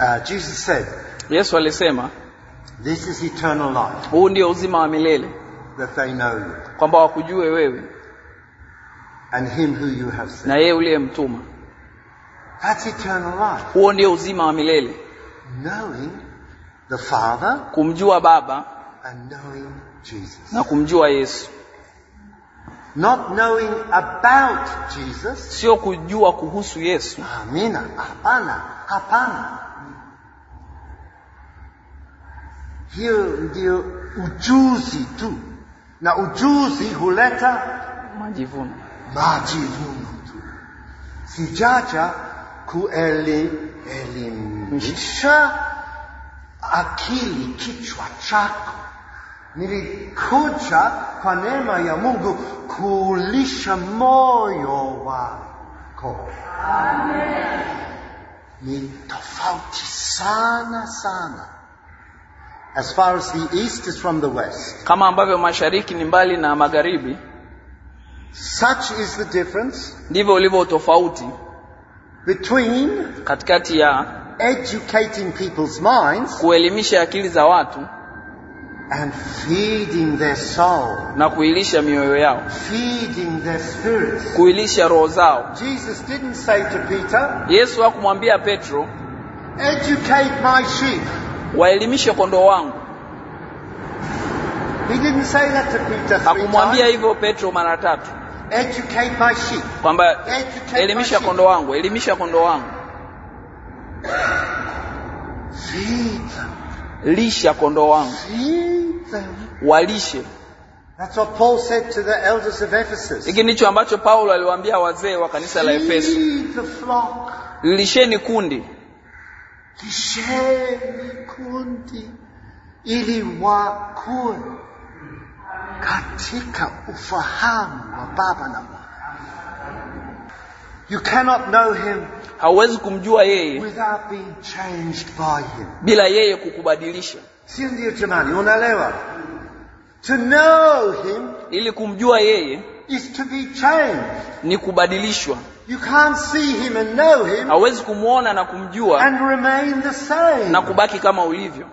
Uh, Jesus said, Yesu alisema This is eternal life, huu ndio uzima wa milele that they know you, kwamba wakujue wewe and him who you have sent. na yeye uliyemtuma. That's eternal life. Huo ndio uzima wa milele, knowing the Father kumjua Baba and knowing Jesus. na kumjua Yesu. Not knowing about Jesus, sio kujua kuhusu Yesu. Amina, hapana Hapana, hiyo ndio ujuzi tu, na ujuzi huleta majivuno, majivuno tu, si jaja kuelimisha akili kichwa chako. Nilikuja kwa neema ya Mungu kuulisha moyo wako. Amen. ni tofauti sana sana as far as the east is from the west kama ambavyo mashariki ni mbali na magharibi such is the difference ndivyo ulivyo tofauti between katikati ya educating people's minds kuelimisha akili za watu And feeding their soul. na kuilisha mioyo yao feeding their spirits. kuilisha roho zao Jesus didn't say to Peter, yesu hakumwambia petro Educate my sheep. waelimishe kondoo wangu He didn't say that to Peter hakumwambia hivyo petro mara tatu Educate my sheep. kwamba elimisha kondo wangu elimisha kondo wangu lisha kondo wangu Feed walishe hiki ndicho ambacho paulo aliwaambia wazee wa kanisa la efeso lisheni kundi lisheni kundi ili wakue katika ufahamu wa baba na mwana You cannot know him hauwezi kumjua yeye without being changed by him. bila yeye kukubadilisha jamani to know him ili kumjua yeye is to be changed ni kubadilishwa You can't see him and know him. Hawezi kumwona na kumjua. And remain the same. Na kubaki kama ulivyo.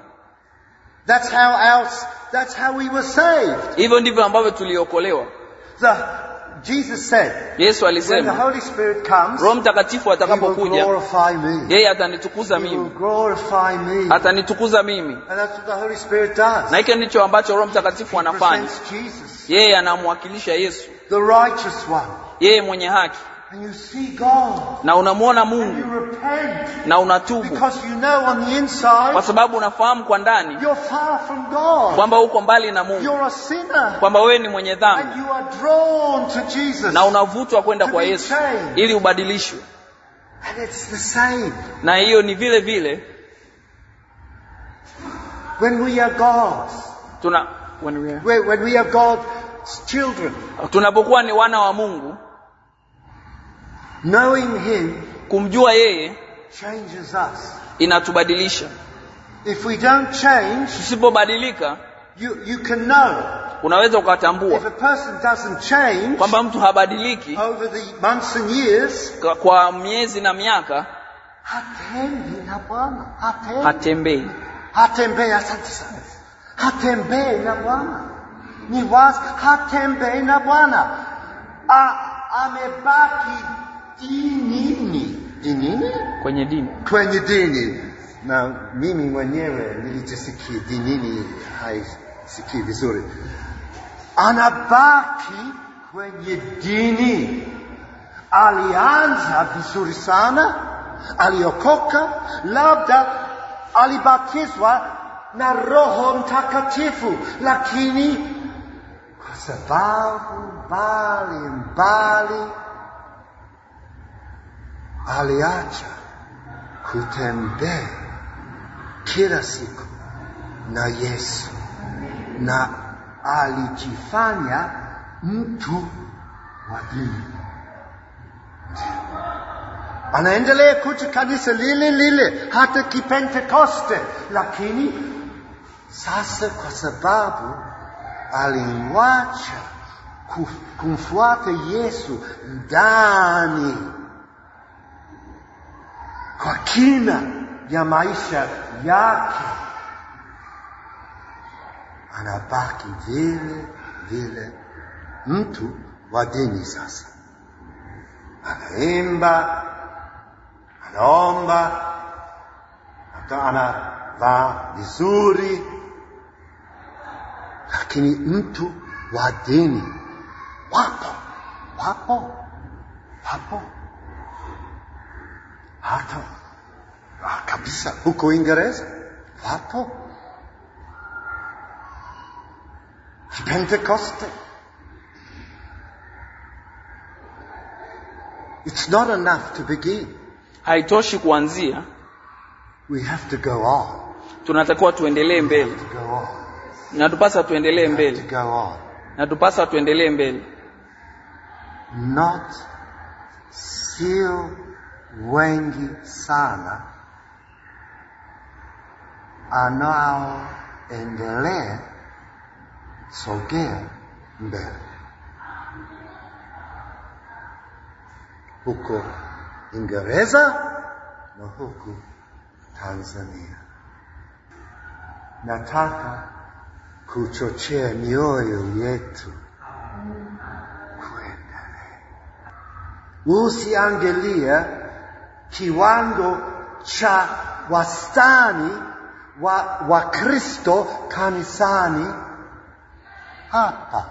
That's how else, that's how we were saved. Hivyo ndivyo ambavyo tuliokolewa. The Jesus said, Yesu alisema Roho Mtakatifu atakapokuja yeye atanitukuza mimi, atanitukuza mimi. Na hicho ndicho ambacho Roho Mtakatifu anafanya, yeye anamwakilisha Yesu, yeye mwenye haki na unamwona Mungu na unatubu, kwa sababu unafahamu kwa ndani kwamba uko mbali na Mungu, kwamba wewe ni mwenye dhambi, na unavutwa kwenda kwa Yesu ili ubadilishwe. Na hiyo ni vile vile when we are God's, tuna when we are, when we are God's children, tunapokuwa ni wana wa Mungu Knowing him kumjua yeye changes us. inatubadilisha If we don't change, tusipobadilika you, you can know. unaweza ukatambua kwamba mtu habadiliki over the months and years, kwa, kwa miezi na miaka hatendi na bwana hatembei hatembei asante sana hatembei na bwana ni wazi hatembei na bwana amebaki dinini dinini kwenye dini kwenye dini na mimi mwenyewe nilichosikia dinini haisikii vizuri anabaki kwenye dini alianza vizuri sana aliokoka labda alibatizwa na roho mtakatifu lakini kwa sababu mbali mbali aliacha kutembea kila siku na Yesu na alijifanya mtu wa dini. Anaendelea kuja kanisa lile lile hata kipentekoste, lakini sasa kwa sababu alimwacha kumfuata Yesu ndani kwa kina ya maisha yake anabaki vile vile mtu wa dini. Sasa anaimba, anaomba, hata anavaa vizuri, lakini mtu wa dini wapo wapo wapo hata ah, kabisa huko Uingereza Hata. Pentecoste. It's not enough to begin. Haitoshi kuanzia. We have to go on. Tunatakiwa tuendelee mbele. Na tupasa tuendelee mbele. Na tupasa tuendelee mbele. Not seal wengi sana anaoendelea sogea mbele huko ingereza na huku Tanzania. Nataka kuchochea mioyo yetu kuendelea. usiangelia kiwango cha wastani wa Wakristo kanisani hapa.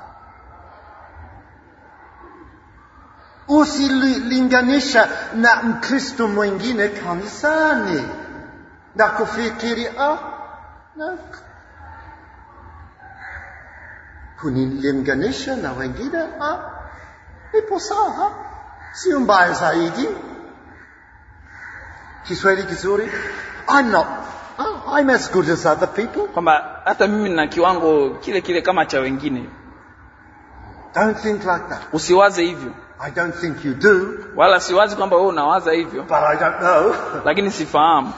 Usilinganisha na Mkristo mwingine kanisani na kufikiri ah, na kunilinganisha na wengine ah, nipo sawa, sio mbaya zaidi. Kiswahili kizuri. I'm not I'm as good as other people. Kwamba hata mimi nina kiwango kile kile kama cha wengine. Don't think like that. Usiwaze hivyo. I don't think you do. Wala siwazi kwamba wewe unawaza hivyo. But I don't know. Lakini sifahamu.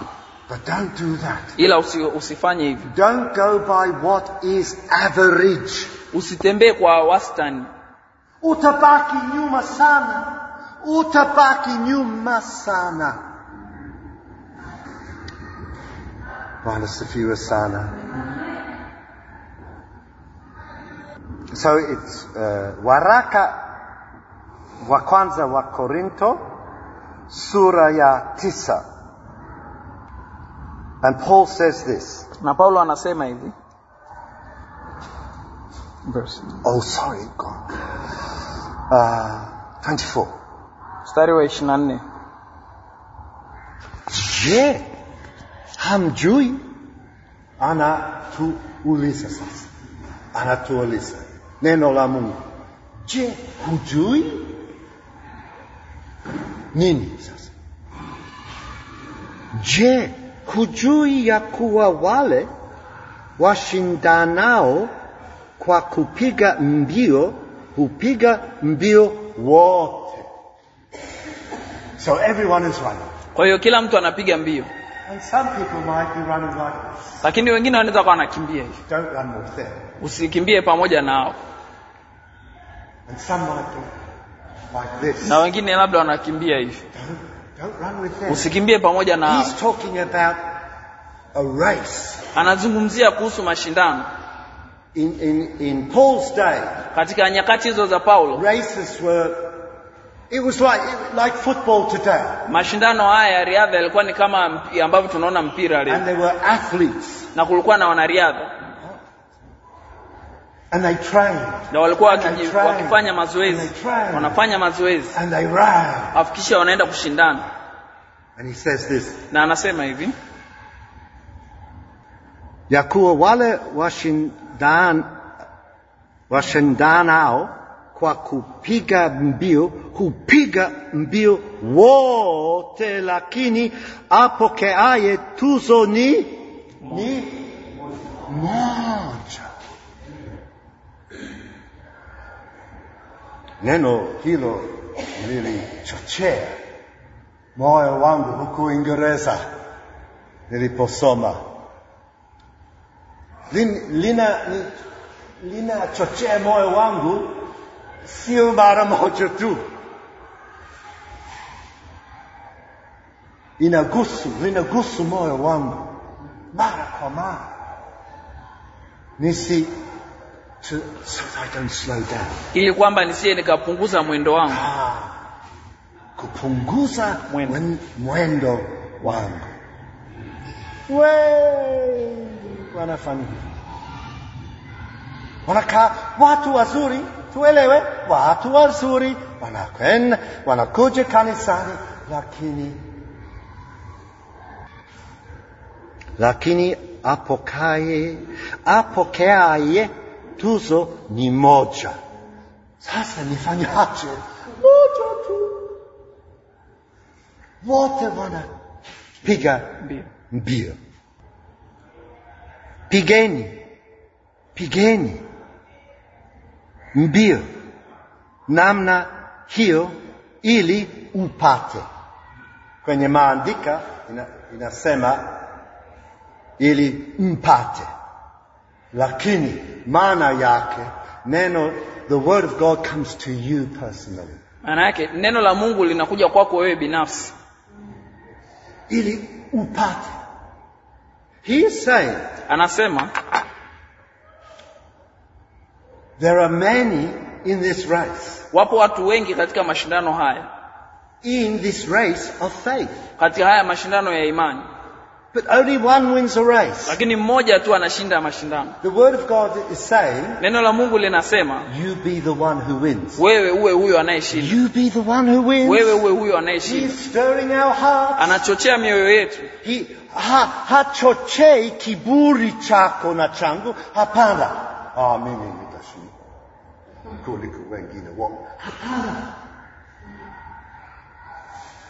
But don't do that. Ila usi, usifanye hivyo. Don't go by what is average. Usitembee kwa wastani. Utabaki nyuma sana. Utabaki nyuma sana. Manasavirasana. So it's uh, Waraka wa kwanza wa Korinto sura ya tisa. And Paul says this. Na Paulo anasema hivi. Verse. Oh, sorry, God. Uh, 24. Mstari wa 24. yeah. hamjui, anatuuliza sasa, anatuuliza neno la Mungu, je, hujui nini? Sasa je, hujui ya kuwa wale washindanao kwa kupiga mbio hupiga mbio wote? So everyone is running. Kwa hiyo kila mtu anapiga mbio. Lakini wengine wanaweza kuwa wanakimbia hivi, usikimbie pamoja nao. na wengine labda wanakimbia hivi, usikimbie pamoja na Anazungumzia kuhusu mashindano. In, in, in Paul's day, katika nyakati hizo za Paulo, races were It was like, like football today. Mashindano haya ya riadha yalikuwa ni kama ambavyo tunaona mpira leo. And they were athletes. Na kulikuwa na wanariadha. And they trained. Na walikuwa wakifanya mazoezi. Wanafanya mazoezi. And they ran. Afikisha wanaenda kushindana. And he says this. Na anasema hivi. Ya kuwa wale washindan washindanao kwa kupiga mbio, hupiga mbio wote, lakini apokeaye tuzo ni, ni moja. Neno hilo lilichochea moyo wangu huku ingereza niliposoma. lina, lina, linachochea moyo wangu sio mara moja tu, inagusu gusu moyo wangu mara kwa mara, nisi to, so I don't slow down, ili kwamba nisiye nikapunguza mwendo wangu. Ah, kupunguza mwendo, mwendo wangu Wee, wanafanya wanakaa watu wazuri tuelewe, watu wazuri wanakwenda, wanakuja kanisani, lakini lakini apokaye apokeaye tuzo ni moja. Sasa nifanyaje? Moja tu, wote piga mbio. Pigeni, pigeni mbio namna hiyo ili upate. Kwenye maandika ina, inasema ili mpate, lakini maana yake neno, the word of God comes to you personally, maana yake neno la Mungu linakuja kwako wewe binafsi ili upate. He said, anasema There are many in this race. Wapo watu wengi katika mashindano haya. In this race of faith. Katika haya mashindano ya imani. But only one wins a race. Lakini mmoja tu anashinda mashindano. The word of God is saying, Neno la Mungu linasema, you be the one who wins. Wewe uwe huyo anayeshinda. You be the one who wins. Wewe uwe huyo anayeshinda. He's stirring our hearts. Anachochea mioyo yetu. He ha, hachochei kiburi chako na changu, hapana. Ah, mimi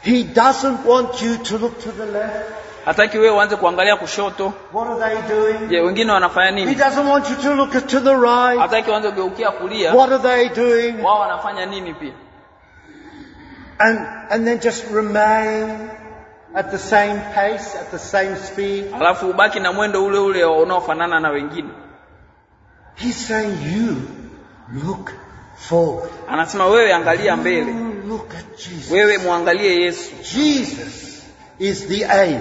he doesn't want you to look to the left. Hataki wewe uanze kuangalia kushoto. What are they doing? Je, wengine wanafanya nini? He doesn't want you to look to the right. Hataki uanze kugeukia kulia. What are they doing? Wao wanafanya nini pia? And and then just remain at the same pace, at the same speed. Alafu ubaki na mwendo ule ule unaofanana na wengine. He's saying you look Anasema wewe angalia mbele. Oh, wewe muangalie Yesu. Jesus is the aim.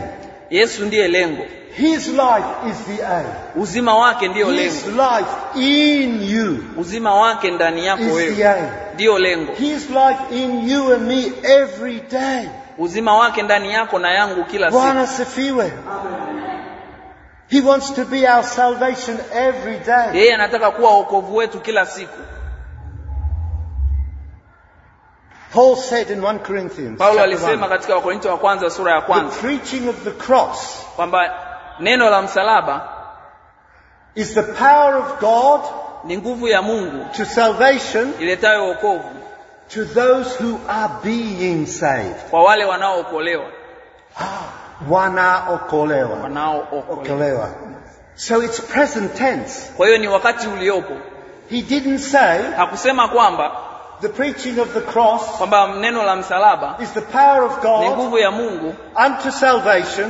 Yesu ndiye lengo. His life is the aim. Uzima wake ndiyo lengo. His life in you. Uzima wake ndani yako wewe. Ndiyo lengo. His life in you and me every day. Uzima wake ndani yako na yangu kila siku. Bwana sifiwe. Amen. He wants to be our salvation every day. Yeye anataka kuwa wokovu wetu kila siku. Paul said in 1 Corinthians, Paulo alisema katika wa kwanza sura ya the preaching of the cross kwamba neno la msalaba is the power of God ni nguvu ya Mungu to salvation iletayo wokovu to those who are being saved. kwa wale wanaookolewa, ah, wanaookolewa. So it's present tense. Kwa hiyo ni wakati uliopo. He didn't say Hakusema kwamba the preaching of the cross kwamba neno la msalaba is the power of God ni nguvu ya Mungu unto salvation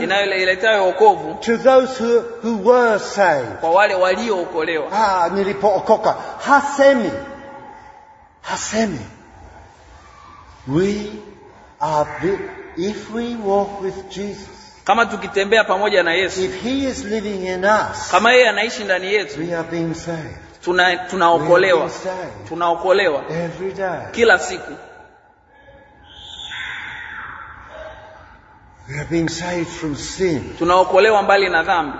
wokovu to those who, who were saved. Kwa wale waliookolewa. Ah, nilipookoka hasemi hasemi we are the, if we walk with Jesus kama tukitembea pamoja na Yesu if he is living in us, kama yeye anaishi ndani yetu we are being saved tuna tunaokolewa tunaokolewa kila siku We are being saved from sin. Tunaokolewa mbali na dhambi.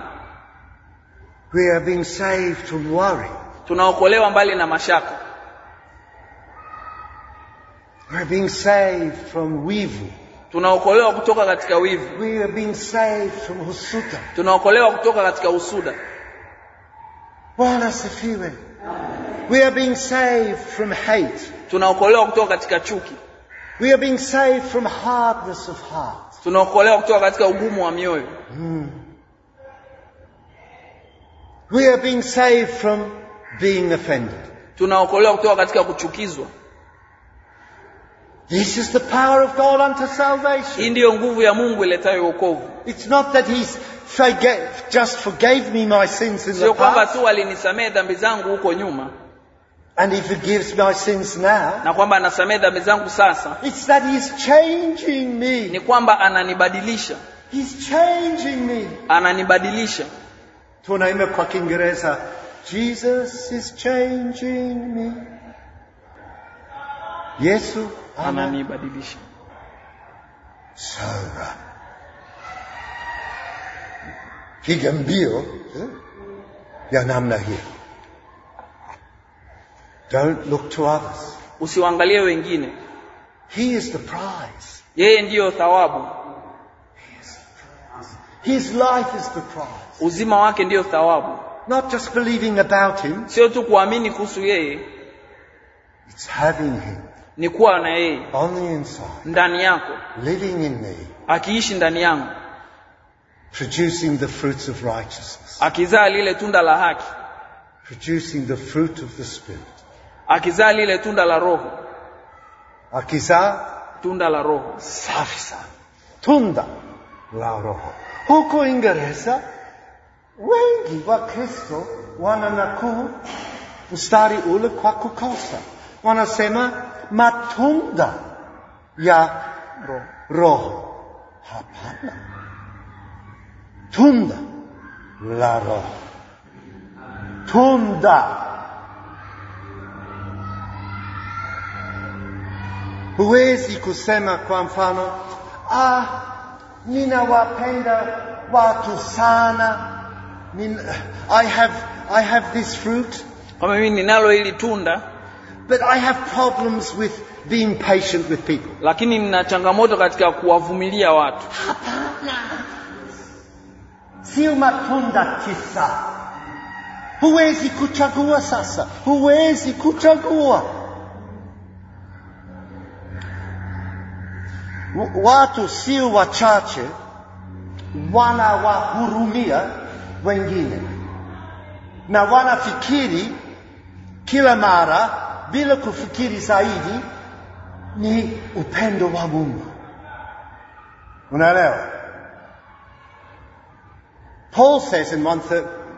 We are being saved from worry. Tunaokolewa mbali na mashaka. We are being saved from wivu. Tunaokolewa kutoka katika wivu. We are being saved from husuda. Tunaokolewa kutoka katika husuda. Bwana asifiwe. We are being saved from hate. Tunaokolewa kutoka katika chuki. We are being saved from hardness of heart. Tunaokolewa kutoka katika ugumu wa mioyo. Hmm. We are being saved from being offended. Tunaokolewa kutoka katika kuchukizwa. This is the power of God unto salvation. Hii ndiyo nguvu ya Mungu iletayo wokovu. It's not that he's forgave, just forgave me my sins in the sio kwamba past, alinisamehe dhambi zangu huko nyuma and He forgives my sins now. na kwamba anasamehe dhambi zangu sasa It's that He's changing ni kwamba ananibadilisha He's changing me. ananibadilisha Tunaimba kwa Kiingereza, Jesus is changing me. Yesu ana so right. Higambio eh, ya namna hiyo. Don't look to others. Usiwaangalie wengine. He is the prize. Yeye ndiyo thawabu. His life is the prize. Uzima wake ndiyo thawabu. Not just believing about him. Sio tu kuamini kuhusu yeye. It's having him. Ni kuwa na yeye. On the inside. Ndani yako. Living in me. Akiishi ndani yangu. producing the fruits of righteousness, akizaa lile tunda la haki, producing the fruit of the Spirit, akizaa lile tunda la Roho, akizaa tunda la Roho. Safi sana, tunda la Roho. Huko ingereza wengi wa Kristo wananakuu mstari ule kwa kukosa, wanasema matunda ya Roho. Hapana, tunda la roho. Tunda. Huwezi kusema kwa mfano, ah, ninawapenda watu sana. Nina, I have, I have this fruit. Kama mimi ninalo hili tunda. But I have problems with being patient with people. Lakini nina changamoto katika kuwavumilia watu. Hapana. sio matunda tisa. Huwezi kuchagua sasa, huwezi kuchagua. Watu sio wachache, wanawahurumia wengine na wanafikiri kila mara bila kufikiri zaidi ni upendo wa Mungu. Unaelewa? Paul says in 1,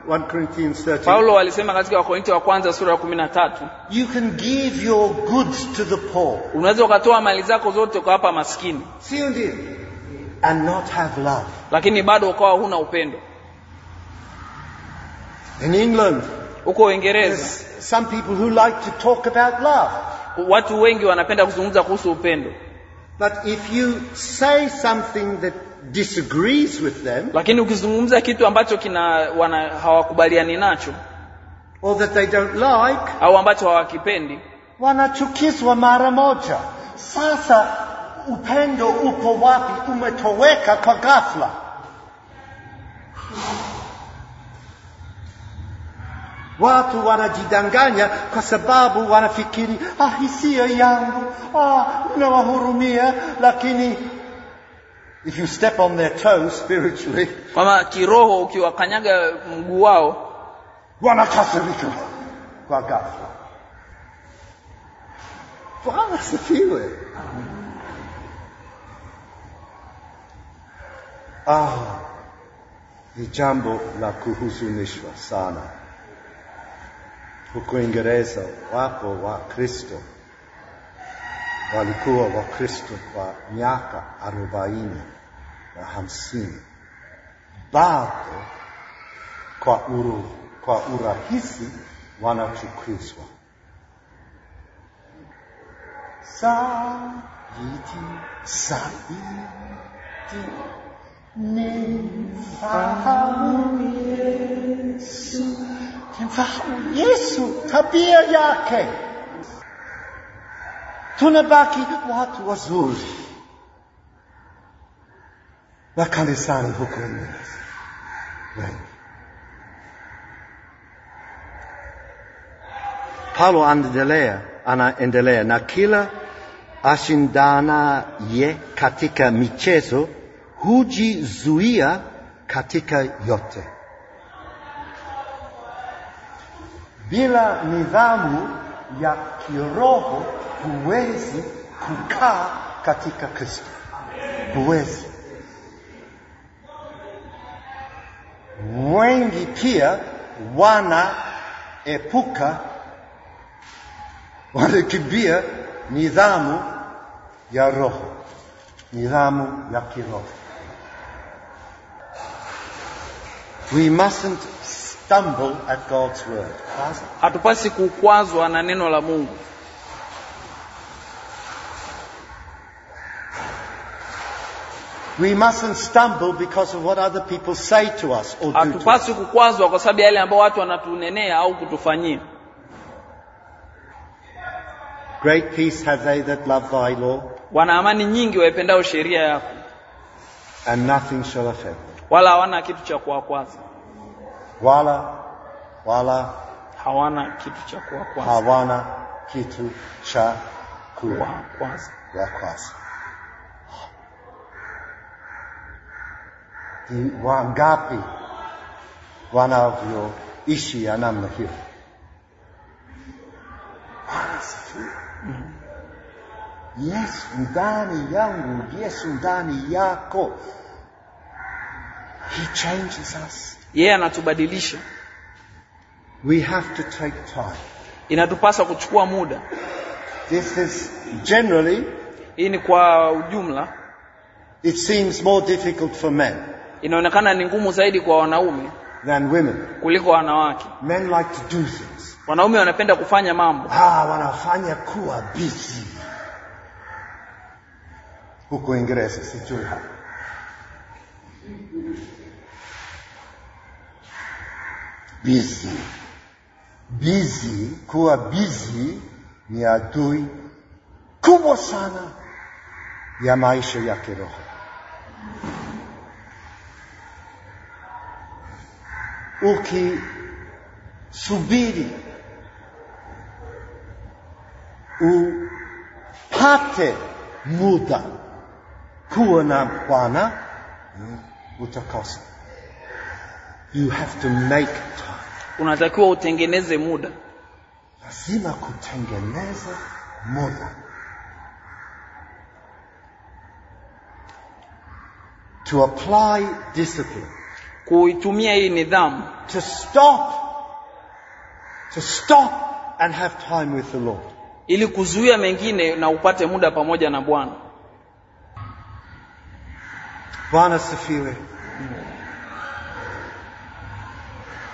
1 Corinthians 13, Paulo alisema katika Wakorintho wa kwanza sura ya 13, you can give your goods to the poor. unaweza ukatoa mali zako zote ukawapa maskini, sio ndio? And not have love. lakini bado ukawa huna upendo. In England, huko Uingereza some people who like to talk about love. watu wengi wanapenda kuzungumza kuhusu upendo, but if you say something that disagrees with them, lakini ukizungumza kitu ambacho kina wana, hawakubaliani nacho or that they don't like, au ambacho hawakipendi wanachukizwa mara moja. Sasa upendo upo wapi? Umetoweka kwa ghafla. Watu wanajidanganya kwa sababu wanafikiri ah, hisia yangu ah, nawahurumia, lakini If you step on their toes spiritually, kama kiroho ukiwakanyaga mguu wao, wanakasirika kwa ghafla. Bwana asifiwe. Ah, ni jambo la kuhuzunishwa sana. Huko Uingereza wapo Kristo walikuwa wa Kristo kwa miaka arobaini na hamsini bado kwa, uru, kwa urahisi wanachukizwa saiti zaidi nimfahamu Yesu, nimfahamu Yesu, tabia yake. Tunabaki watu wazuri na kanisani huko paulo anaendelea anaendelea na kila ashindana ye katika michezo hujizuia katika yote bila nidhamu ya kiroho huwezi kukaa katika kristo huwezi wengi pia wanaepuka, wanakimbia nidhamu ya roho, nidhamu ya kiroho. We mustn't stumble at God's word. Hatupasi kukwazwa na neno la Mungu. We mustn't stumble because of what other people say to us or do to us. Hatupaswi kukwazwa kwa sababu yale ambayo watu wanatunenea au kutufanyia. Great peace have they that love thy law. Wana amani nyingi waipendao sheria yako. And nothing shall offend. Wala hawana kitu cha kuwakwaza. Wala wala hawana kitu cha kuwakwaza. Hawana kitu cha kuwakwaza. Kuwakwaza. wangapi wanavyoishi ya I am not here. yangu, Yesu ndani yako. He changes us. Yeye yeah, anatubadilisha. We have to take time. Inatupasa kuchukua muda. This is generally hii ni kwa ujumla. It seems more difficult for men. inaonekana ni ngumu zaidi kwa wanaume than women. kuliko wanawake Men like to do things. wanaume wanapenda kufanya mambo Ah, wanafanya kuwa busy huko Uingereza, sijui hapa. Busy, busy, kuwa busy ni adui kubwa sana ya maisha ya kiroho. ukisubiri upate muda kuwa na Bwana utakosa. You have to make time. Unatakiwa utengeneze muda. Lazima kutengeneza muda. To apply discipline. kuitumia hii nidhamu to stop to stop and have time with the Lord ili kuzuia mengine na upate muda pamoja na Bwana Bwana sifiwe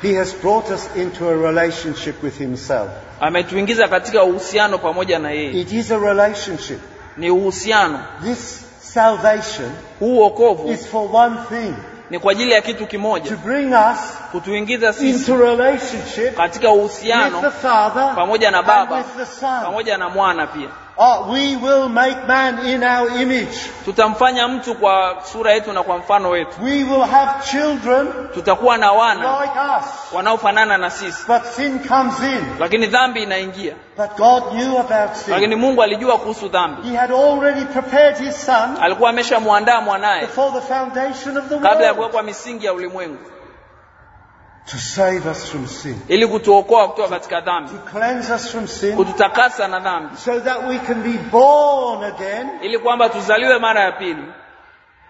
He has brought us into a relationship with himself. Ametuingiza katika uhusiano pamoja na yeye. It is a relationship. Ni uhusiano. This salvation huu wokovu is for one thing ni kwa ajili ya kitu kimoja kutuingiza sisi katika uhusiano pamoja na baba pamoja na mwana pia we will make man in our image. Tutamfanya mtu kwa sura yetu na kwa mfano wetu. We will have children tutakuwa na wana like us. wanaofanana na sisi. But sin comes in. Lakini dhambi inaingia. But God knew about sin. Lakini Mungu alijua kuhusu dhambi. He had already prepared his son. Alikuwa ameshamwandaa mwanaye. Before the foundation of the world. Kabla ya kuwekwa misingi ya ulimwengu. To save us from sin. Ili kutuokoa kutoka katika dhambi. To cleanse us from sin. Kututakasa na dhambi. So that we can be born again. Ili kwamba tuzaliwe mara ya pili.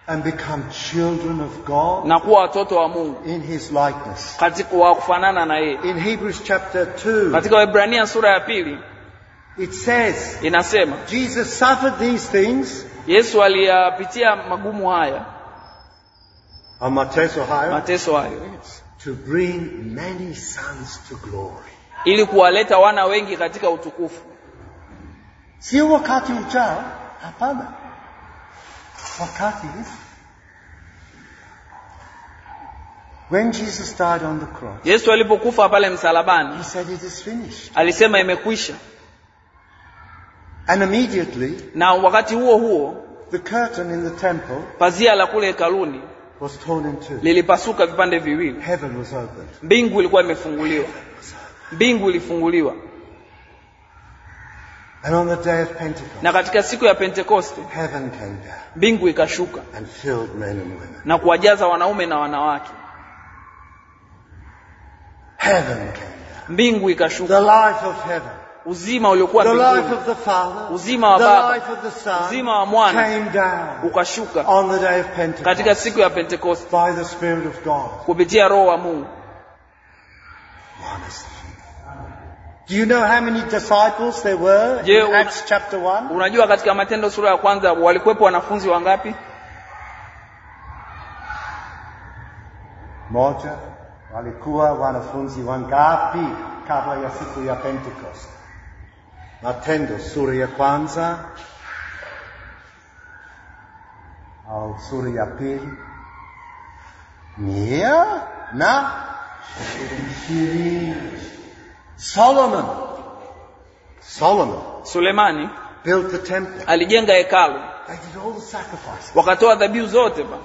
And become children of God. Na kuwa watoto wa Mungu. In his likeness. Katika kufanana na yeye. In Hebrews chapter 2. Katika Waebrania sura ya pili. It says. Inasema. Jesus suffered these things. Yesu aliyapitia magumu haya. Mateso hayo. Mateso hayo. Yes. to bring many sons to glory. Ili kuwaleta wana wengi katika utukufu. Sio wakati ujao, hapana. Wakati When Jesus died on the cross, Yesu alipokufa pale msalabani, he said it is finished. Alisema imekwisha. And immediately, na wakati huo huo, the curtain in the temple, pazia la kule hekaluni lilipasuka vipande viwili mbingu ilikuwa imefunguliwa mbingu ilifunguliwa And on the day of Pentecost, na katika siku ya pentekoste mbingu ikashuka and filled men and women. na kuwajaza wanaume na wanawake Heaven came down. mbingu The ikashuka life of heaven uzima uliokuwa uzima wa Baba, uzima wa Mwana ukashuka katika siku ya Pentekoste kupitia Roho wa Mungu. Do you know how many disciples there were in Je, in Acts chapter 1? Unajua katika Matendo sura ya kwanza walikuwepo wanafunzi wangapi? Moja. Walikuwa wanafunzi wangapi kabla ya siku ya Pentecost? Attendo Surya kwanza au Surya ya pili mia na ishirini. Solomon, Solomon Sulemani built the temple. alijenga hekalu wakatoa dhabihu zote ba.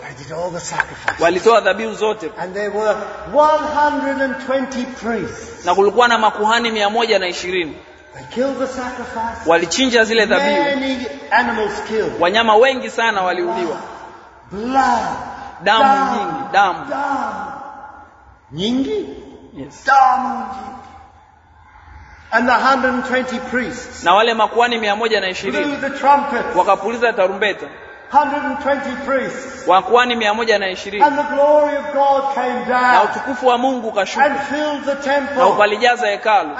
walitoa dhabihu zote And there were 120 priests. na kulikuwa na makuhani mia moja na ishirini Walichinja zile dhabihu, wanyama wengi sana waliuliwa, damu nyingi, damu nyingi, damu nyingi And the 120 priests na wale makuhani 120 wakapuliza tarumbeta wakuani mia moja na ishirini na utukufu wa mungu ukashuka na ukalijaza hekalu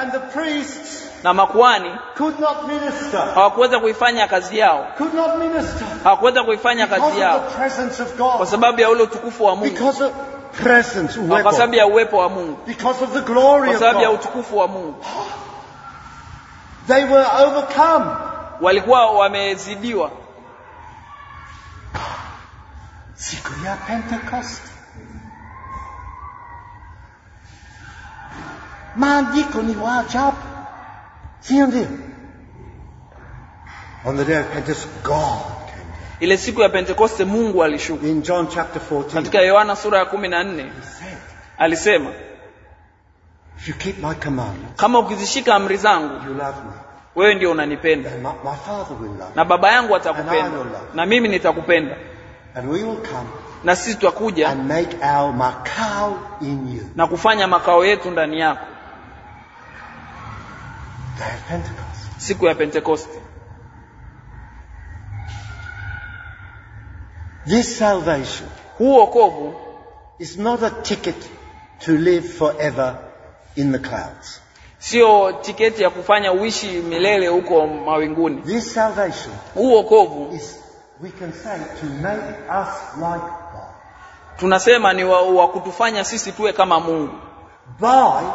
na makuani hawakuweza kuifanya kazi yao hawakuweza kuifanya kazi yao kwa sababu ya ule utukufu wa mungu kwa sababu ya uwepo wa mungu kwa sababu ya utukufu wa mungu walikuwa wamezidiwa siku ya Pentekoste. Maandiko ni waajabu, sio ndio? On the day of Pentecost, God ile siku ya pentekoste mungu alishuka in john chapter 14 katika yohana sura ya 14. alisema If you keep my commandments, kama ukizishika amri zangu wewe ndio unanipenda my, my na baba yangu atakupenda na mimi nitakupenda And we will come na sisi tutakuja and make our makao in you. na kufanya makao yetu ndani yako siku ya pentekoste This salvation huu wokovu is not a ticket to live forever in the clouds. Sio tiketi ya kufanya uishi milele huko mawinguni. This salvation huu wokovu is we can say to make us like God. Tunasema ni wa, wa kutufanya sisi tuwe kama Mungu. By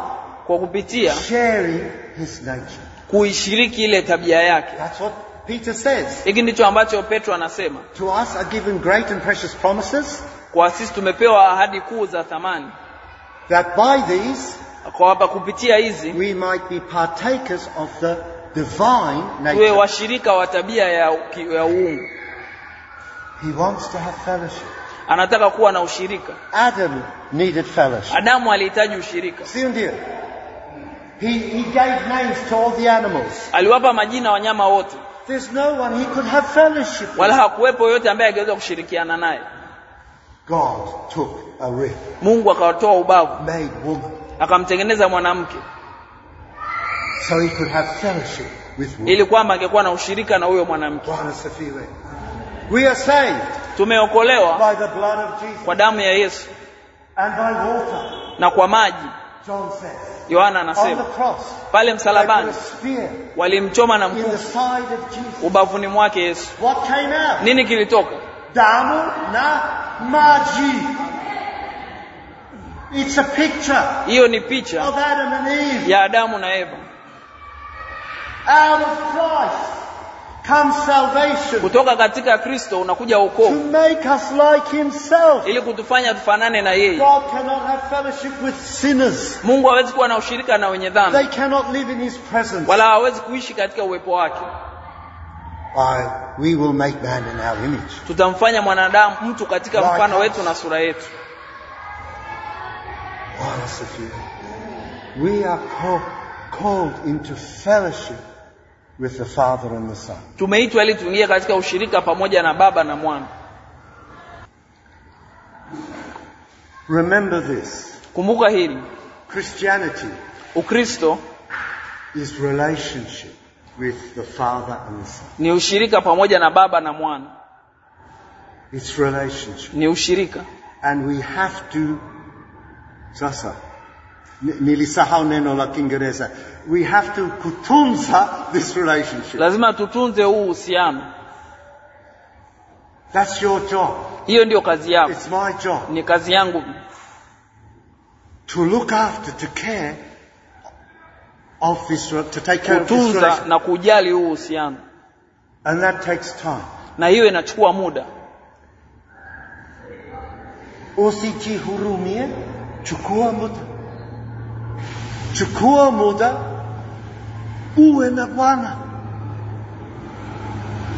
kwa kupitia sharing his nature. Kuishiriki ile tabia yake. That's what Peter says. Hiki ndicho ambacho Petro anasema. To us are given great and precious promises. Kwa sisi tumepewa ahadi kuu za thamani. That by these kwa hapa kupitia hizi we might be partakers of the divine nature. Tuwe washirika wa tabia ya, ya uungu. He wants to have fellowship. Anataka kuwa na ushirika. Adam needed fellowship. Adamu alihitaji ushirika. Si ndio? He, he gave names to all the animals. Aliwapa majina wanyama wote. There's no one he could have fellowship with. Wala hakuwepo yote ambaye angeweza kushirikiana naye. God took a rib. Mungu akatoa ubavu. Made woman. Akamtengeneza mwanamke. So he could have fellowship with woman. Ili kwamba angekuwa na ushirika na huyo mwanamke. Bwana asifiwe. We are saved tumeokolewa by the blood of Jesus. kwa damu ya Yesu and by water. na kwa maji Yohana anasema pale msalabani walimchoma na mkufu ubavuni mwake Yesu. Nini kilitoka? Damu na maji. It's a picture hiyo ni picha ya Adamu na Eva. Out of Christ kutoka katika Kristo unakuja wokovu. like Ili kutufanya tufanane na yeye. Mungu hawezi kuwa na ushirika na wenye dhambi. They cannot live in his presence. Wala hawezi kuishi katika uwepo wake. I, we will make man in our image. Tutamfanya mwanadamu mtu katika like mfano wetu na sura yetu. We are called into fellowship with the Father and the Son. Tumeitwa ili tuingie katika ushirika pamoja na Baba na Mwana. Remember this. Kumbuka hili. Christianity Ukristo is relationship with the Father and the Son. Ni ushirika pamoja na Baba na Mwana. It's relationship. Ni ushirika. And we have to sasa nilisahau neno la Kiingereza we have to kutunza this relationship. Lazima tutunze huu uhusiano. That's your job. Hiyo ndio kazi yako. It's my job. Ni kazi yangu. To look after, to care of this, to take care kutunza of this na kujali huu uhusiano. And that takes time. Na hiyo inachukua muda. Usijihurumie, chukua muda. Chukua muda uwe na Bwana.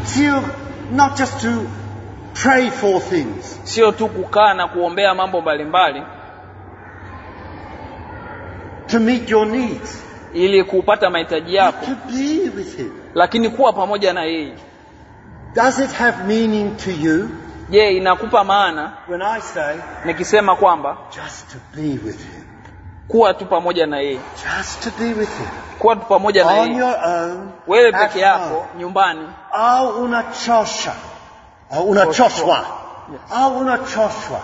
Sio not just to pray for things. Sio tu kukaa na kuombea mambo mbalimbali. To meet your needs. Ili kupata mahitaji yako. To be with him. Lakini kuwa pamoja na yeye. Does it have meaning to you? Je, inakupa maana? When I say, nikisema kwamba just to be with him kuwa tu pamoja na yeye kuwa tu pamoja na yeye wewe peke yako nyumbani au unachosha au unachoshwa au unachoshwa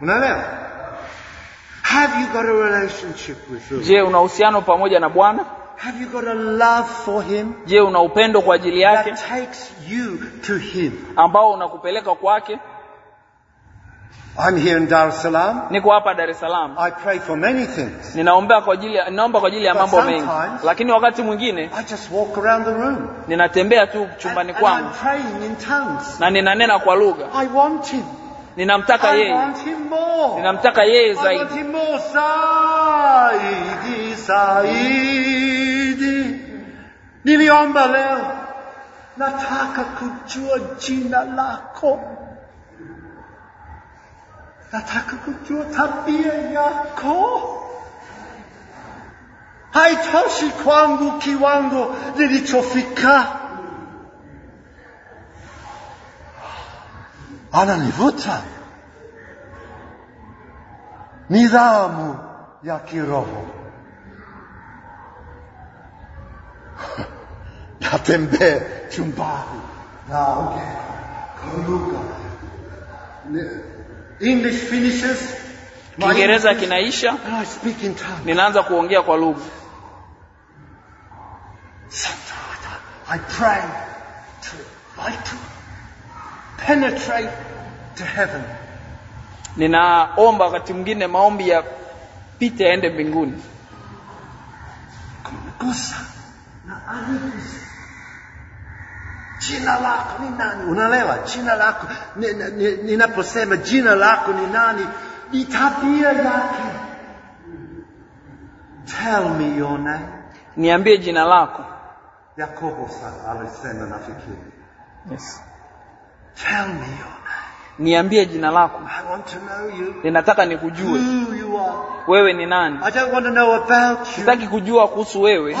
unaelewa have you got a relationship with him je una uhusiano pamoja na bwana Have you got a love for him? Je, una upendo kwa ajili yake? That takes you to him. Ambao unakupeleka kwake? I'm here in Dar es Salaam. Niko hapa Dar es Salaam. I pray for many things. Ninaomba kwa ajili ninaomba kwa ajili ya mambo mengi. Lakini wakati mwingine I just walk around the room. Ninatembea tu chumbani kwangu. I'm praying in tongues. Na ninanena kwa lugha. I want him. Ninamtaka yeye. I want him more. Ninamtaka yeye zaidi. I want him more. Zaidi, zaidi. Niliomba leo. Nataka kujua jina lako. 나다크쿠트로 탑비에야코 haitoshi kwangu kiwango nilichofika. Ananivuta nidhamu ya kiroho. Natembea chumbani, naongea, kuruka English finishes, Kiingereza kinaisha, ah, ninaanza kuongea kwa lugha. I pray to light, penetrate to heaven. Ninaomba wakati mwingine maombi ya pite aende mbinguni. na jina lako ni nani? unalewa jina lako ninaposema ni, ni, jina lako ni nani, ni tabia yake. Tell me your name, niambie jina lako. Yakobo alisema nafikiri. Yes. Tell me your name niambie jina lako ninataka nikujue wewe ni nani sitaki kujua kuhusu wewe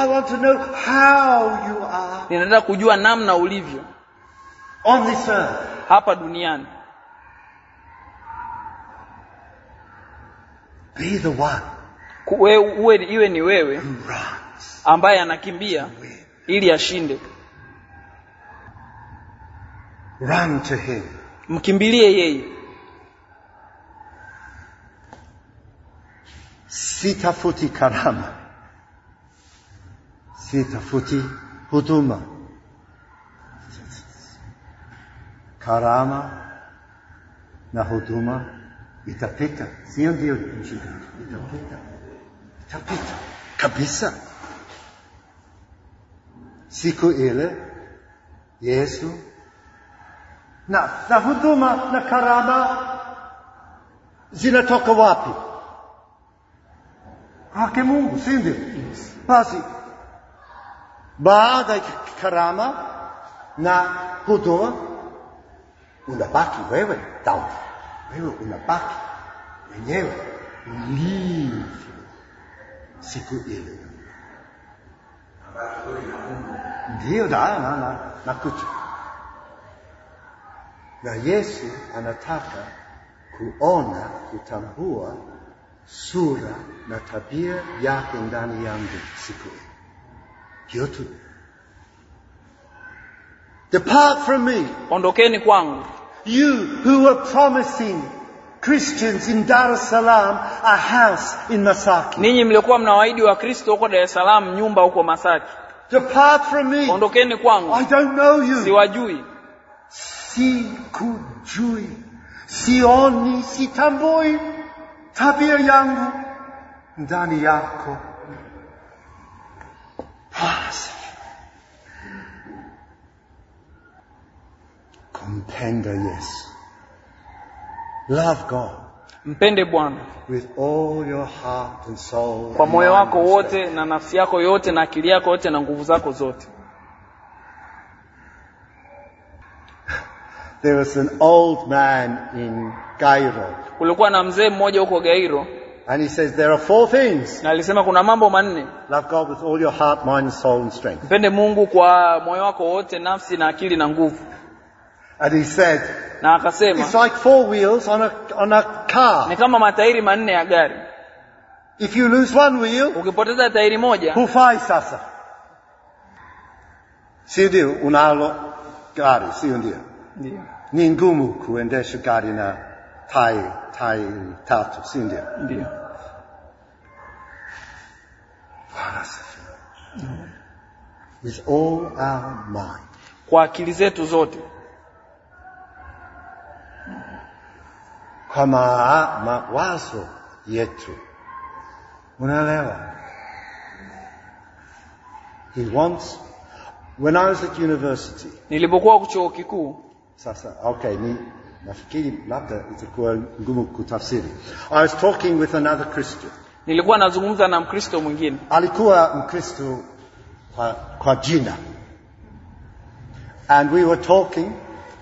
ninataka kujua namna ulivyo hapa duniani Be the one. uwe, iwe ni wewe ambaye anakimbia ili ashinde Run to him. mkimbilie yeye sitafuti karama sitafuti huduma karama na huduma itapita sio ndio itapita itapita kabisa siku ile yesu Naam, na huduma na karama zinatoka wapi? Hake Mungu, si Basi baada ya karama na huduma unabaki wewe Daudi, wewe unabaki mwenyewe ulivyo siku ile. Ndio, na, na, na, na kucha na Yesu anataka kuona, kutambua sura na tabia yake ndani yangu siku hiyo tu. Depart from me, ondokeni kwangu, you who were promising Christians in Dar es Salaam a house in Masaki. Ninyi mliokuwa mnawaahidi wa Kristo huko Dar es Salaam nyumba huko Masaki. Depart from me. Ondokeni kwangu. I don't know you. Siwajui sikujui, sioni, sitambui tabia yangu ndani yako. kumpenda Yesu. Love God. Mpende Bwana with all your heart and soul, kwa moyo wako wote na nafsi yako yote na akili yako yote na nguvu zako zote. There was an old man in Cairo, Kulikuwa na mzee mmoja huko And he says there are four things. Na alisema kuna mambo manne. Love God with all your heart, mind, soul and strength. Mpende Mungu kwa moyo wako wote, nafsi na akili na nguvu. And he said, na akasema, it's like four wheels on a, on a car. Ni kama matairi manne ya gari. If you lose one wheel, ukipoteza tairi moja, hufai sasa. Si ndio unalo gari, si ndio? Ndio. ni ngumu kuendesha gari na tai, tai tatu, si ndio? Ndio. With all our mind. Kwa akili zetu zote. Kwa ma, mawazo yetu. Unaelewa? He wants When I was at university, nilipokuwa chuo kikuu Sasa. Okay, nafikiri labda itakuwa ngumu kutafsiri. I was talking with another Christian. Nilikuwa nazungumza na Mkristo mwingine. Alikuwa Mkristo kwa, kwa jina. And we were talking.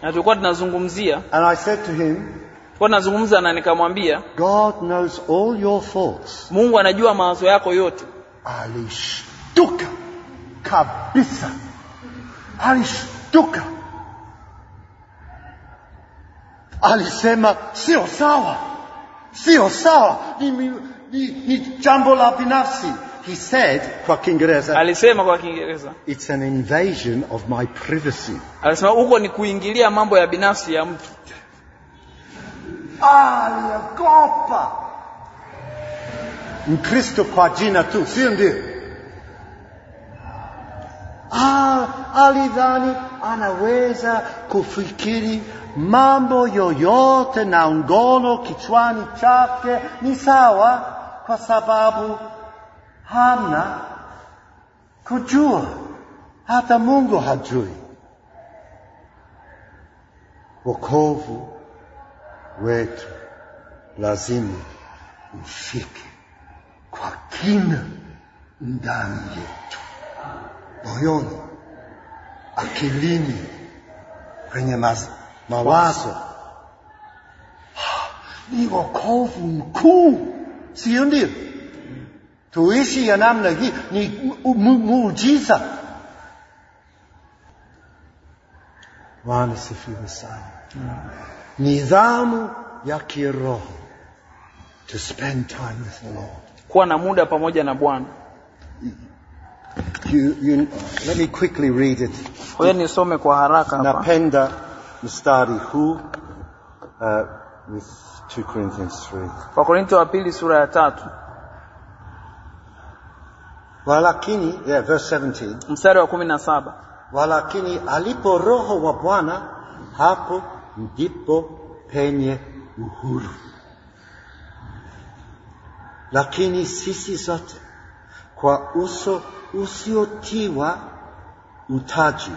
Na tulikuwa tunazungumzia. And I said to him, tulikuwa tunazungumza na nikamwambia, God knows all your thoughts. Mungu anajua mawazo yako yote. Alishtuka kabisa. Alishtuka. ali sema sio sawa, sio sawa, ni, ni, ni jambo la binafsi. He said kwa Kiingereza, alisema kwa Kiingereza, it's an invasion of my privacy. Alisema huko ni kuingilia mambo ya binafsi ya mtu. Aliogopa Mkristo kwa jina tu, sio ndio? Ah, alidhani anaweza kufikiri mambo yoyote na ngono kichwani chake ni sawa, kwa sababu hana kujua, hata Mungu hajui. Wokovu wetu lazima ufike kwa kina ndani yetu, moyoni, akilini, kwenye mazi mawazo. Ni wokovu mkuu, sio ndio? Tuishi ya namna hii ni muujiza. Bwana sana. Nidhamu ya kiroho to spend time with the Lord. Kuwa na muda pamoja na Bwana. You, you, let me quickly read it. nisome kwa haraka hapa. Napenda mstari huu uh, with 2 Corinthians 3. wa pili sura ya tatu. Walakini, yeah, verse 17. Mstari wa 17. Walakini alipo roho wa Bwana hapo ndipo penye uhuru. Lakini sisi sote kwa uso usiotiwa utaji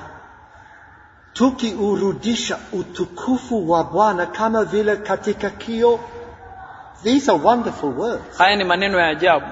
tukiurudisha utukufu wa Bwana kama vile katika kio. These are wonderful words. Haya ni maneno ya ajabu.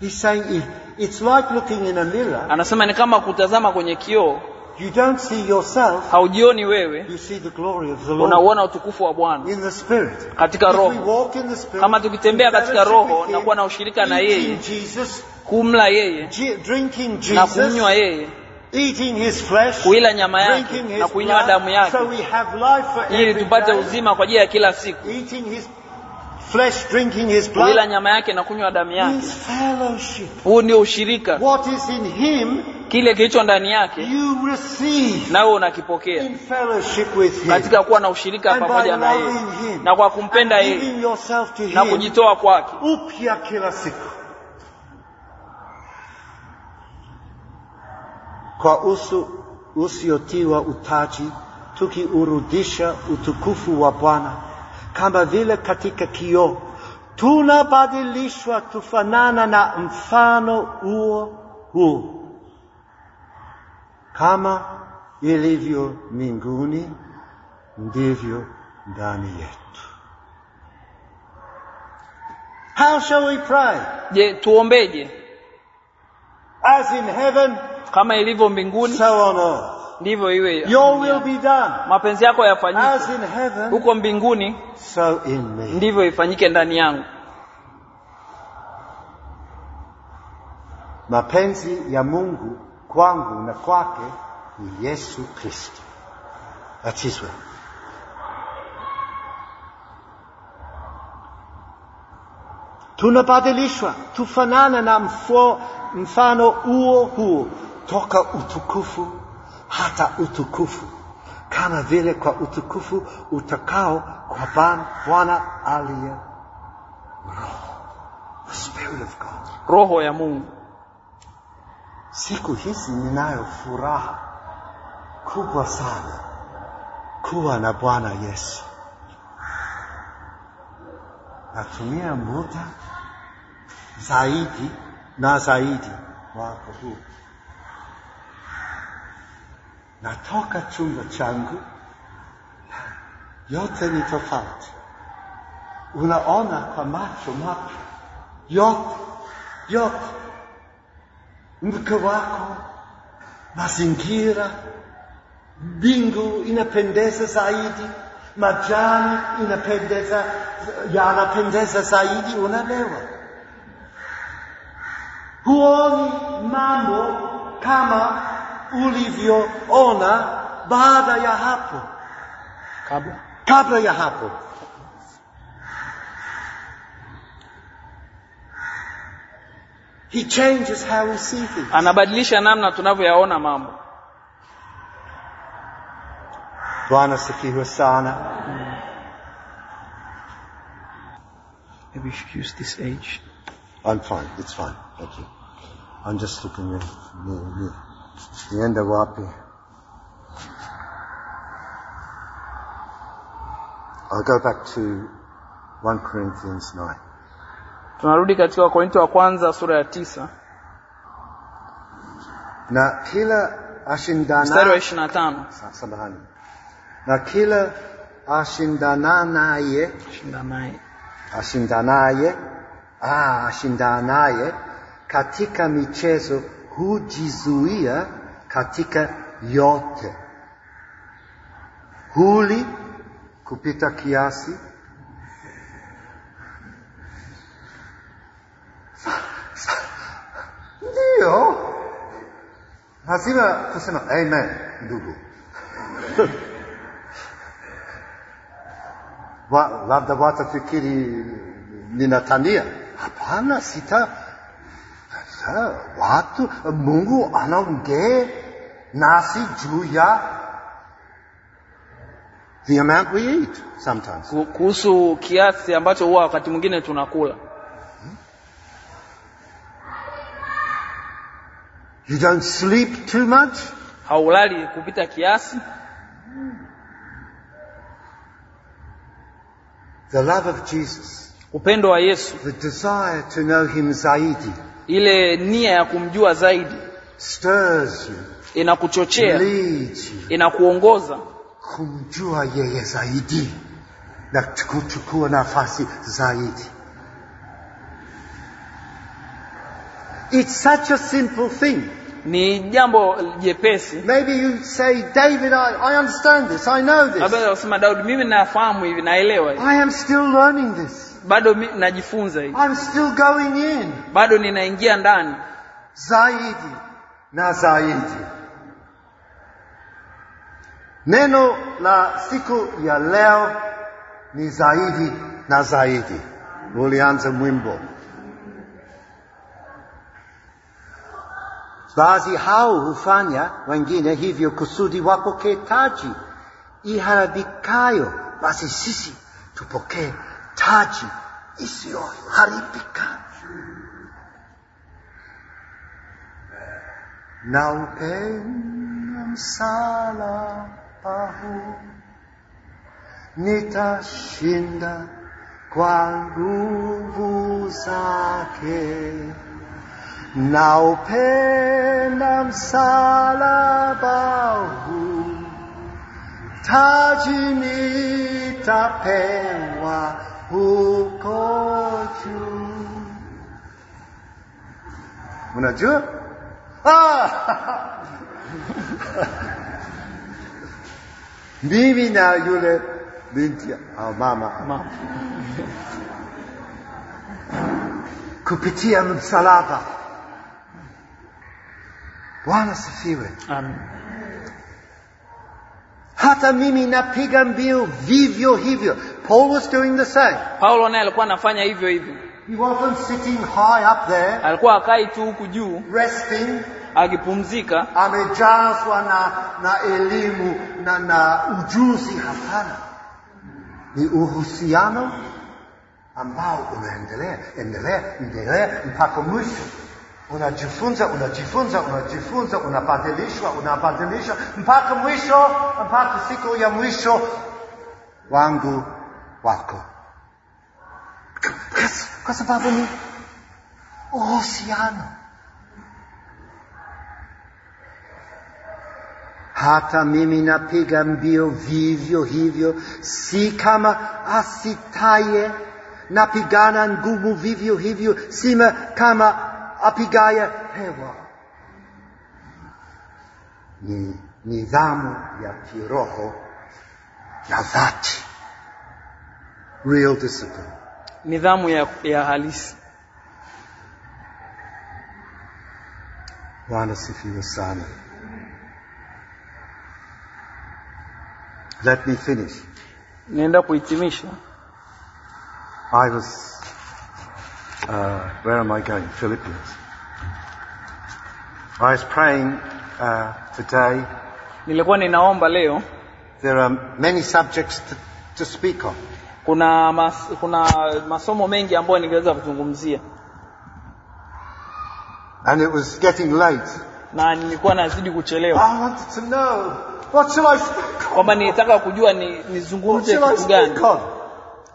He's saying it, it's like looking in a mirror. Anasema ni kama kutazama kwenye kioo. You don't see yourself. Haujioni wewe. You see the glory of the Lord. Unaona utukufu wa Bwana. In the spirit. Katika roho. If we walk in the spirit, kama tukitembea katika roho na kuwa na ushirika na yeye. Jesus. Kumla yeye. Drinking Jesus. Na kunywa yeye eating his flesh, kuila nyama yake na kuinywa damu yake so we have life for ili tupate uzima kwa ajili ya kila siku flesh, drinking his blood, kuila nyama yake na kunywa damu yake huu ndio ushirika What is in him, kile kilicho ndani yake nawe unakipokea katika kuwa na ushirika pamoja na yeye na kwa kumpenda yeye na kujitoa kwake upya kila siku kwa usu usiotiwa utaji, tukiurudisha utukufu wa Bwana kama vile katika kioo, tunabadilishwa tufanana na mfano huo huo, kama ilivyo mbinguni, ndivyo ndani yetu. How shall we pray? Je, tuombeje? As in heaven kama ilivyo mbinguni ndivyo iwe mapenzi yako yafanyike huko mbinguni so ndivyo ifanyike ndani yangu. Mapenzi ya Mungu kwangu na kwake ni Yesu Kristo. That's his will. Tunabadilishwa tufanana na mfano huo huo toka utukufu hata utukufu kama vile kwa utukufu utakao kwa Bwana aliye Roho, Roho ya Mungu. Siku hizi ninayo furaha kubwa sana kuwa na Bwana Yesu. Natumia muda zaidi na zaidi wako huu natoka chumba changu, yote ni tofauti. Unaona kwa macho mapya yote yote, mke wako, mazingira, bingu inapendeza zaidi, majani inapendeza, yanapendeza zaidi, unalewa. Huoni mambo kama ulivyoona baada ya hapo kabla, kabla ya hapo He changes how we see things. Anabadilisha namna tunavyoyaona mambo. Bwana sifiwe sana. Maybe you should use this age. I'm fine. It's fine. Thank you. I'm just looking at me. niende wapi I'll go back to 1 Corinthians 9 tunarudi katika wakorinto wa kwanza sura ya tisa na kila ashindana samahani na kila ashindananaye ashindanaye ashindanaye ah, ashindanaye katika michezo hujizuia katika yote, huli kupita kiasi. ndio lazima kusema amen, ndugu labda watafikiri ninatania. Hapana, sita watu Mungu anaongea nasi juu ya the amount we eat sometimes. Kuhusu kiasi ambacho huwa wakati mwingine tunakula. You don't sleep too much. Haulali kupita kiasi. The love of Jesus. Upendo wa Yesu. The desire to know him zaidi ile nia ya kumjua zaidi inakuchochea inakuongoza kumjua yeye zaidi na kuchukua nafasi zaidi It's such a simple thing ni jambo jepesi maybe you say david i, I understand this i know this labda unasema daudi mimi nafahamu hivi naelewa hivi i am still learning this bado najifunza hivi i'm still going in bado ninaingia ndani zaidi na zaidi neno la siku ya leo ni zaidi na zaidi ulianza mwimbo Basi hao hufanya wengine hivyo kusudi wapokee taji iharibikayo, basi sisi tupokee taji isiyoharibika. Naupenda msalaba huu, nitashinda kwa nguvu zake na upenda msalaba huu, taji nitapewa huko juu. Unajua ah! mimi na yule binti au mama. kupitia msalaba Bwana sifiwe. Amen. Hata mimi napiga mbio vivyo hivyo. Paul was doing the same. Paulo naye alikuwa anafanya hivyo hivyo. He wasn't sitting high up there. Alikuwa akai tu huku juu. Resting akipumzika amejazwa na, na elimu na, na ujuzi. Hapana, ni uhusiano ambao unaendelea endelea endelea mpaka mwisho unajifunza unajifunza unajifunza unabadilishwa unabadilishwa mpaka mwisho mpaka siku ya mwisho wangu wako kwa sababu ni uhusiano hata mimi napiga mbio vivyo hivyo si kama asitaye napigana ngumu vivyo hivyo sima kama apigaya hewa. Ni nidhamu ya kiroho ya dhati, real discipline, nidhamu ya, ya halisi. Bwana sifiwe sana. Let me finish. Nienda kuhitimisha. I was uh, where am I going? Philippians. I was praying uh, today. leo. There are many subjects to, to speak on. Kuna, mas, kuna masomo mengi And it was getting late. Na I wanted to know what shall I speak on? What shall I speak on?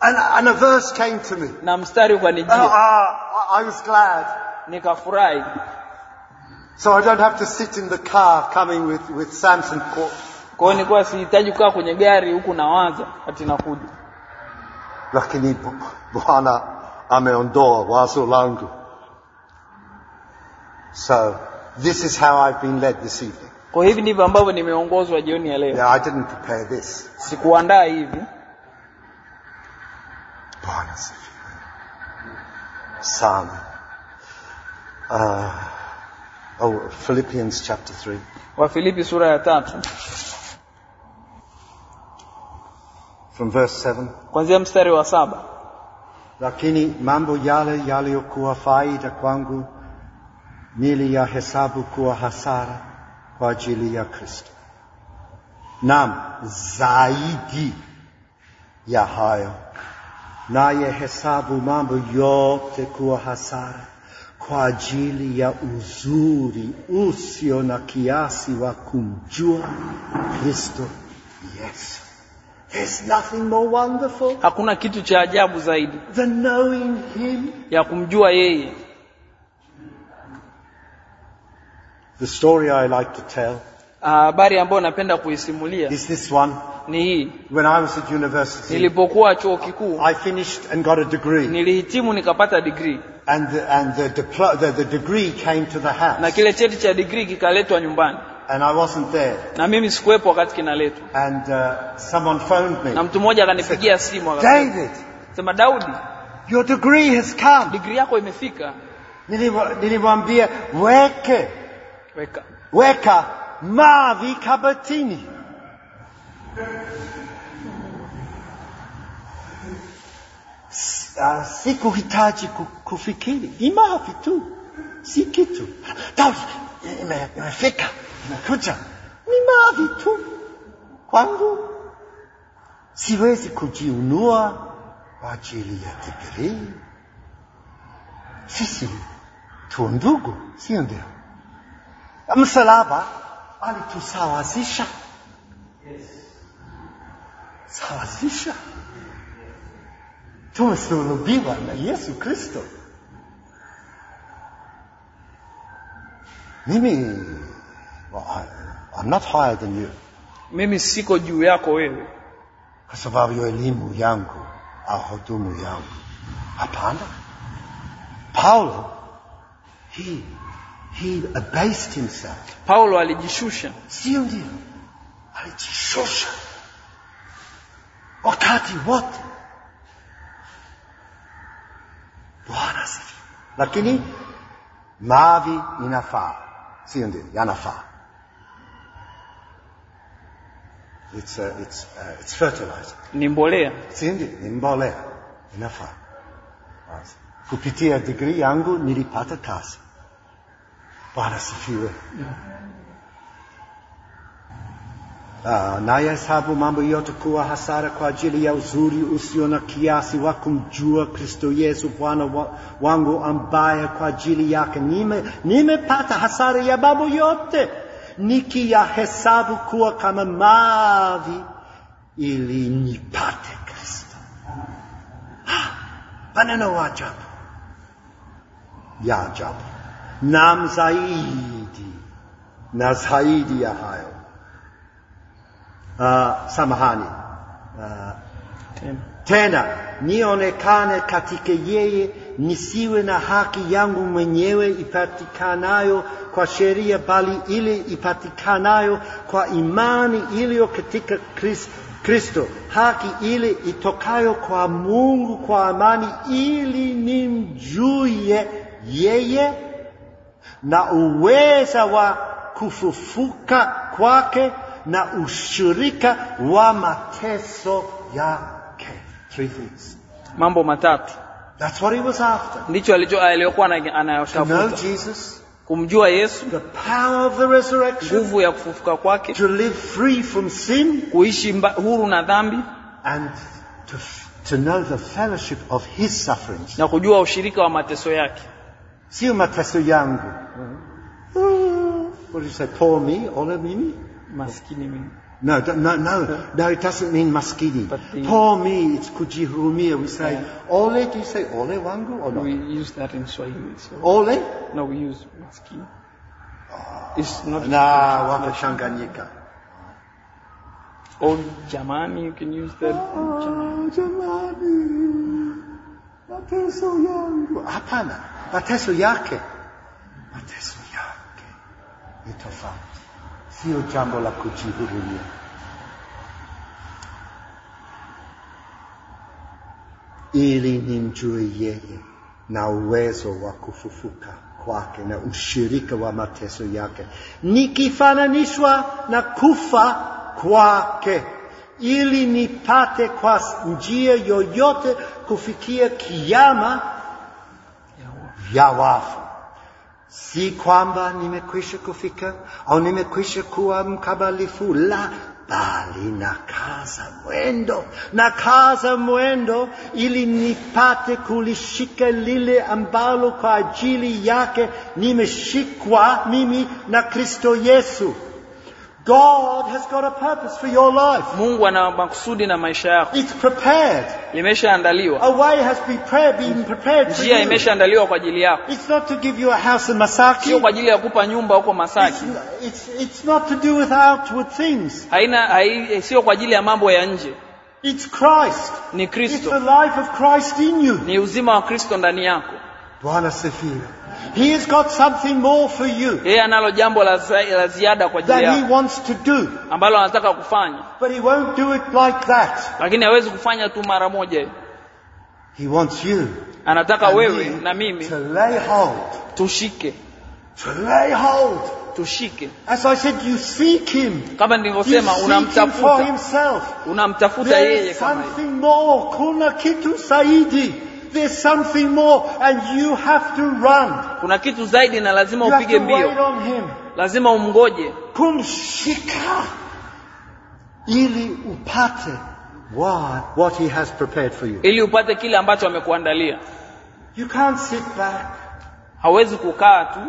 And, and a verse came to me. Na mstari ukanijia. Uh, oh, ah, I was glad. Nikafurahi. So I don't have to sit in the car coming with, with Samson. Lakini Bwana ameondoa wazo langu. So this is how I've been led this evening. Yeah, I didn't prepare this. Sikuandaa hivi. Bwana sifiwe sana. Uh, oh, Philippians chapter 3. Wa Filipi sura ya tatu From verse 7. Kuanzia mstari wa saba. Lakini mambo yale yaliyokuwa faida kwangu nili ya hesabu kuwa hasara kwa ajili ya Kristo. Naam, zaidi ya hayo naye hesabu mambo yote kuwa hasara kwa ajili ya uzuri usio na kiasi wa kumjua Kristo Yesu. There's nothing more wonderful. Hakuna kitu cha ajabu zaidi than knowing him. ya kumjua yeye. The story I like to tell Ah, habari ambayo napenda kuisimulia is this one ni hii when i was at university nilipokuwa chuo kikuu i finished and got a degree nilihitimu nikapata degree and the, and the, the, the degree came to the house na kile cheti cha degree kikaletwa nyumbani And I wasn't there. Na mimi wakati kinaletwa. And uh, someone phoned me. Na mtu mmoja akanipigia simu akasema, David, sema Daudi, your degree has come. Degree yako imefika. Niliwaambia weke. Weka. Weka Mavi Kabatini. Ah, sikuhitaji kufikiri, ni mavi tu, si kitu. Imefika, imekuja, ni mavi tu kwangu. Siwezi kujiunua kwa ajili ya Tibirii. Sisi tu ndugu, si ndio? Msalaba alitusawazisha sawazisha tumesulubiwa na yesu kristo mimi well, I'm not higher than you mimi siko juu yako wewe kwa sababu ya elimu yangu au hudumu yangu hapana paulo hii He abased himself. Paulo alijishusha. Sio ndio? Alijishusha wakati wote. Bwana sifiwe. Lakini mavi inafaa, sio ndio? Yanafaa. It's, uh, it's, uh, it's fertilizer. Ni mbolea. Sio ndio? Ni mbolea. Inafaa. Kupitia degree yangu nilipata kazi. Bwana sifiwe. Uh, ah, nayahesabu mambo yote kuwa hasara kwa ajili ya uzuri usio na kiasi wa kumjua Kristo Yesu Bwana wangu ambaye kwa ajili yake nimepata hasara ya mambo yote nikiyahesabu kuwa kama mavi ili nipate Kristo. Ah, maneno wa ajabu ya ajabu na zaidi na zaidi ya hayo. Uh, samahani uh, ah, tena, tena nionekane katika yeye, nisiwe na haki yangu mwenyewe ipatikanayo kwa sheria, bali ili ipatikanayo kwa imani iliyo katika Kristo, haki ile itokayo kwa Mungu kwa amani, ili nimjue yeye na uweza wa kufufuka kwake na ushirika wa mateso yake. Mambo matatu. That's what he was after. Ndicho aliyokuwa anayotafuta. Kumjua Yesu. The power of the resurrection. Nguvu ya kufufuka kwake. To live free from sin. Kuishi huru na dhambi. And to, to know the fellowship of his sufferings. Na kujua ushirika wa mateso yake. Siumatsu yangu. Mm-hmm. What did you say? me. ole mimi? Maskini mimi. No, no, no, no, it doesn't mean maskini. The, Por me, it's kujihurumia. We say, yeah. ole, do you say ole wangu or not? We use that in Swahili. So. Ole? No, we use maskini. Oh, it's not... Nah, wakashanganyika. Or jamani, you can use that. Oh, jamani. jamani. Mateso yangu. Hapana. mateso yake, mateso yake ni tofauti, sio jambo la kujihurulia. Ili nimjue yeye na uwezo wa kufufuka kwake na ushirika wa mateso yake, nikifananishwa na kufa kwake ili nipate kwa njia yoyote kufikia kiama ya wafu. Si kwamba nimekwisha kufika au nimekwisha kuwa mkabalifu, la, bali kaza mwendo, na kaza mwendo ili nipate kulishika lile ambalo kwa ajili yake nimeshikwa mimi na Kristo Yesu. God has got a purpose for your life. Mungu ana makusudi na maisha yako. It's prepared. Imeshaandaliwa. A way has been prepared, been prepared for Njia imeshaandaliwa kwa ajili yako. It's not to give you a house in Masaki. Sio kwa ajili ya kukupa nyumba huko Masaki. It's, it's, it's not to do with outward things. Haina hai, sio kwa ajili ya mambo ya nje. It's Christ. Ni Kristo. It's the life of Christ in you. Ni uzima wa Kristo ndani yako. Bwana sifiwe. He has got something more for you analo jambo la, ziada kwa ajili that he wants to do, ambalo anataka kufanya but he won't do it like that. lakini hawezi kufanya tu mara moja He wants you anataka wewe na mimi to lay hold, tushike to lay hold. tushike As I said, you seek him. kama You nilivyosema seek him for himself. unamtafuta yeye kama something more. Kuna kitu zaidi. There's something more and you have to run. Kuna kitu zaidi na lazima upige mbio. Lazima umngoje Kumshika ili upate what, what he has prepared for you. Ili upate kile ambacho amekuandalia. You can't sit back. Hawezi kukaa tu.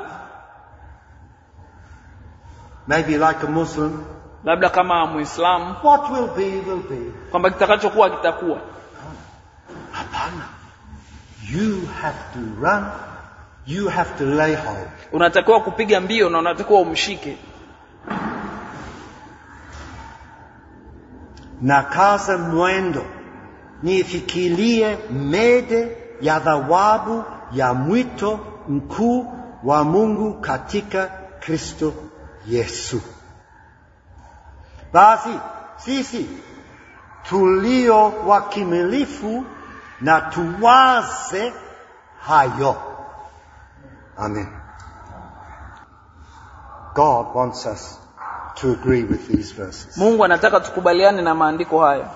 Maybe like a Muslim. Labda kama Muislamu. What will be will be. Kwamba kitakachokuwa kitakuwa. Hapana. You have to run, you have to lay hold. Unatakiwa kupiga mbio na unatakiwa umshike. Na kaza mwendo, nifikilie mede ya thawabu ya mwito mkuu wa Mungu katika Kristo Yesu. Basi sisi tulio wakimilifu na tuwaze hayo. Amen. God wants us to agree with these verses. Mungu anataka tukubaliane na maandiko hayo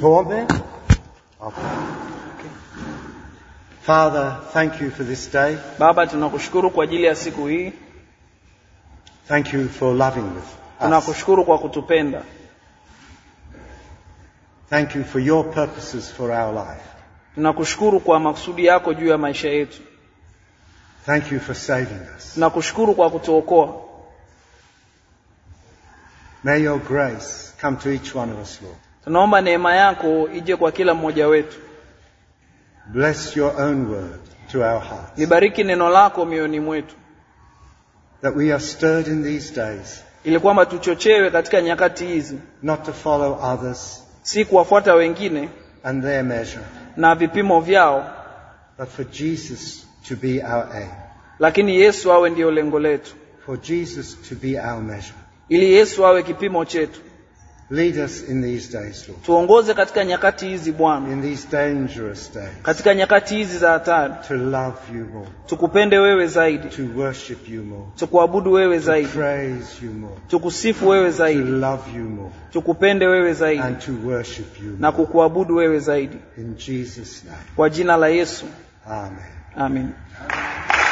Tuombe. Father, thank you for this day. Baba, tunakushukuru kwa ajili ya siku hii. Thank you for loving with us. Tunakushukuru kwa kutupenda. Thank you for your purposes for our life. Tunakushukuru kwa makusudi yako juu ya maisha yetu. Thank you for saving us. Tunakushukuru kwa kutuokoa. May your grace come to each one of us, Lord. Tunaomba neema yako ije kwa kila mmoja wetu. Bless your own word to our hearts. Libariki neno lako mioyoni mwetu. That we are stirred in these days. Ili kwamba tuchochewe katika nyakati hizi. Not to follow others si kuwafuata wengine and their measure. na vipimo vyao But for Jesus to be our aim. lakini yesu awe ndiyo lengo letu For Jesus to be our measure. ili yesu awe kipimo chetu Lead us in these days, Lord. Tuongoze katika nyakati hizi Bwana. In these dangerous days. Katika nyakati hizi za hatari. To love you more. Tukupende wewe zaidi. To worship you more. Tukuabudu wewe zaidi. To praise you more. Tukusifu wewe zaidi. To love you more. Tukupende wewe zaidi. And to worship you more. Na kukuabudu wewe zaidi. In Jesus name. Kwa jina la Yesu. Amen. Amen. Amen.